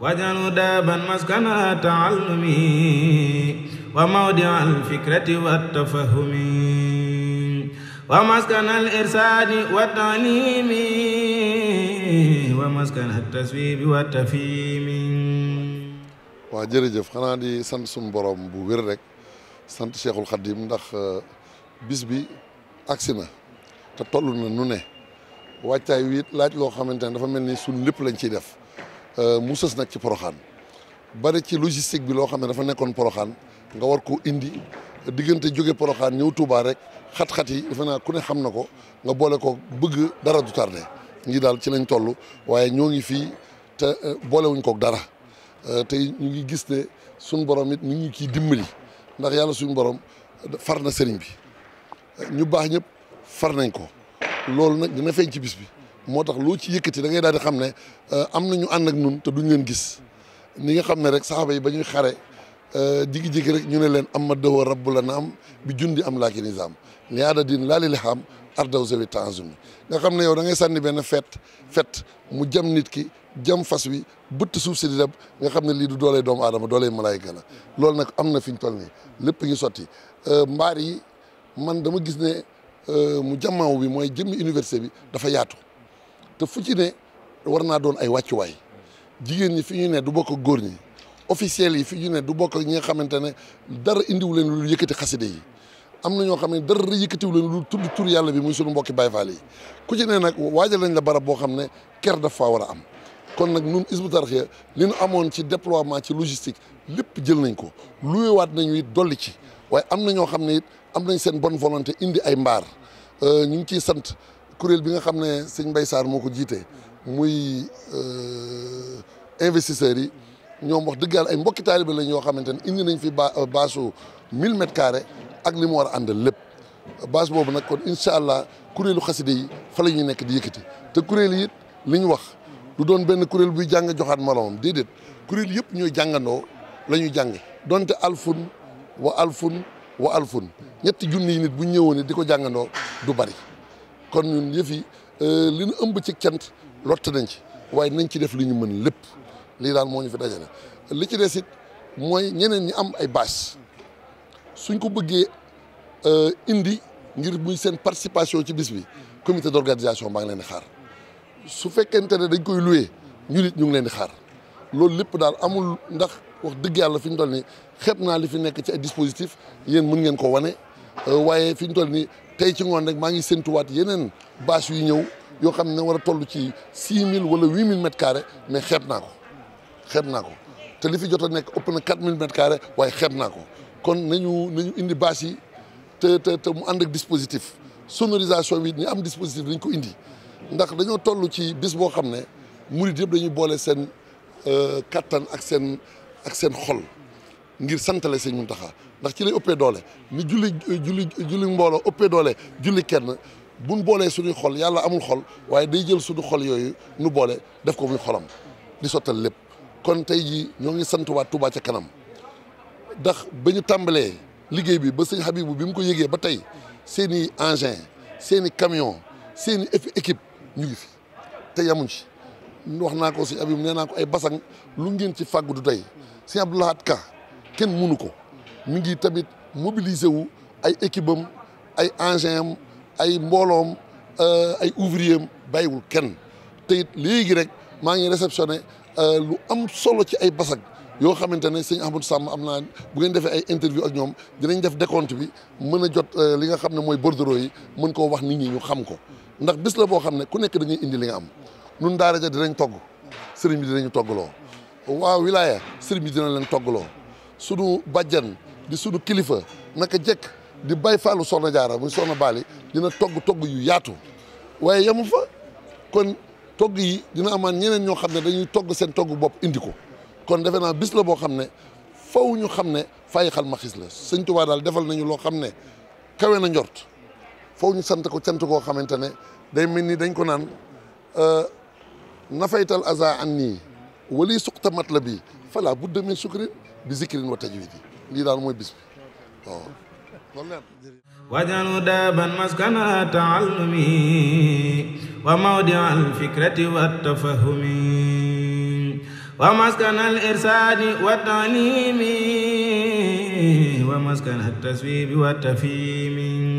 واجعله دابا مسكنا تعلمي وموضع الفكرة والتفهم ومسكن الإرشاد والتعليم ومسكن التسويب والتفهيم waa jërëjëf xanaa di sant suñu borom bu wér rek sant Cheikhul Khadim ndax eh, bis bi agsi na te toll na nu ne wàccaay wi laaj loo xamante ne dafa mel ni suñ lépp lañ ciy def Euh, mu sës nag ci poroxaan bari ci logistique bi loo xam ne dafa nekkoon poroxaan nga war ko indi diggante jóge poroxaan ñëw Touba rek xat-xat yi defe naa ku ne xam na ko nga boole ko bëgg dara du tardé ngi daal ci lañ toll waaye ñoo ngi fii te euh, boolewuñ kook dara euh, tey ñu ngi gis ne suñ borom it ñu ngi ciy dimbali ndax yàlla suñ borom far na sëriñ bi ñu baax ñëpp far nañ ko loolu nag dina feeñ ci bis bi moo tax loo ci yëkkati da ngay daal di xam ne euh, am na ñu ànd ak ñun te duñ leen gis ni nga xam ne rek saxaaba yi ba ñuy xare euh, jigi-jigi rek ñu ne leen am ma dëwoo rabbu la na am bi jundi am laaki nisaam liaada din laali li xam ardaw zawi nga xam ne yow da ngay sànni benn fet fet mu jam nit ki jam fas wi bëtt suuf si di dab nga xam ne lii du doolee doomu aadama doolee malaayika la loolu nag am na fi ñu toll nii lépp ñu sotti euh, mbaar yi man dama gis ne mu jammaaw bi mooy jëmm université bi dafa yaatu te fu ci ne war naa doon ay wàccuwaay jigéen ñi fi ñu ne du bokk góor ñi officiels yi fi ñu ne du bokk ak ñi nga xamante ne dara indiwu leen lu yëkkati xaside yi am na ñoo xam ne dara yëkkatiwu leen lu tudd tur yàlla bi muy sunu mbokki Baay Faal yi ku ci ne nag waajal nañ la barab boo xam ne ker daf faa war a am kon nag ñun Hizbut Tarqiyyah ni ñu amoon ci déploiement ci logistique lépp jël nañ ko luyewaat nañu it dolli ci waaye am na ñoo xam ne it am nañ seen bonne volonté indi ay mbaar euh, ñu ngi ciy sant kuréel bi nga xam ne sëñ mbay saar moo ko jiite muy euh, investisseurs yi ñoom wax dëgg yàlla ay mbokki taalibe la ñoo xamante ne indi nañ fi ba euh, bâche 1000 mètres carrés ak li mu war a àndal lépp bâche boobu nag kon incha allah kuréelu xaside yi fa la ñuy nekk di yëkkati te kuréel yi it li ñu wax du doon benn kuréel buy jàng joxaat moroomam déedéet kuréel yëpp ñooy jàngandoo la ñuy jàng donte alfun wa alfun wa alfun ñetti junni yi nit bu ñëwoon di ko jàngandoo du bari kon ñun yëf yi euh, li ñu ëmb ci cant lott nañ ci waaye nañ ci def li ñu mën lépp lii daal moo ñu fi dajale li ci des it mooy ñeneen ñi am ay bâche suñ ko bëggee euh, indi ngir muy seen participation ci bis bi comité d'organisation baa ngi leen di xaar su fekkente ne dañ koy loué ñu nit ñu ngi leen di xaar loolu lépp daal amul ndax wax dëgg yàlla fi ñu toll nii xeeb naa li fi nekk ci ay dispositif yéen mën ngeen ko wane euh, waaye fi ñu toll nii tey ci ngoon rek maa ngi séntuwaat yeneen bâche yu ñëw yoo xam ne war a toll ci six mille wala huit mille mètres carrés mais xeeb naa ko xeeb naa ko te li fi jot a nekk ëpp na quatre mille mètres carrés waaye xeeb naa ko kon nañu nañu indi bâche yi te te mu ànd ak dispositif sonorisation bi ñu am dispositif dañ ko indi ndax dañoo toll ci bis boo xam ne murid yëpp dañuy boole seen euh, kattan ak seen ak seen xol ngir santale seen Muntaxa ndax ci lay ëppee doole ni julli julli julli mbooloo ëppee doole julli kenn buñ boolee suñuy xol yàlla amul xol waaye day jël suñu xol yooyu nu boole def ko muy xolam di sottal lépp kon tey jii ñoo ngi sant waa Touba ca kanam ndax ba ñu tàmbalee liggéey bi ba sëñ Habibou bi mu ko yëgee ba tey seeni i engin seen i camion seen équipe ñu ngi fi te yamuñ ci wax naa ko sëñ Habibou nee naa ko ay basang lu ngeen ci fàggu du tey sëñ Abdoulahat Ka kenn munu ko mi ngi tamit mobiliser wu ay équipe ay engin am ay mbooloom ay euh, ouvrier am bàyyiwul kenn te it léegi rek maa ngi réceptionné euh, lu am solo ci ay basag yoo xamante ne sëñ Ahmadou Samb am naa bu ngeen defee ay interview ak ñoom dinañ def décompte bi mën a jot euh, li nga xam ne mooy bordereau yi mën koo wax nit ñi ñu xam ko ndax bis la boo xam ne ku nekk dañuy indi li nga am nun daara ja dinañ togg sëriñ bi dinañu toggaloo waaw wilaaya sëriñ bi dina leen toggaloo sunu bàjjan di sunu kilifa naka jekk di bay faalu soxna jaara muy soxna baali dina togg togg yu yaatu waaye yemu fa kon togg yi dina amaan ñeneen ñoo xam ne dañuy togg seen togg bopp indi ko kon defe naa bis la boo xam ne faw ñu xam ne fay xal ma xis la sëñ Tuubaa daal defal nañu loo xam ne kawe na njort faw ñu sant ko cant koo xamante ne day mel ni dañ ko naan euh, nafaytal aza an nii wali suqta mat la bii fala bu demee sukrin bi zikrin wa tajwid yi lii daal mooy bis bi waaw loolu leer wajalu daaban maskana taallumi wa mawdia alfikrati waltafahumi wa maskana alirsadi waltaalimi wa maskana altaswibi waltafhimi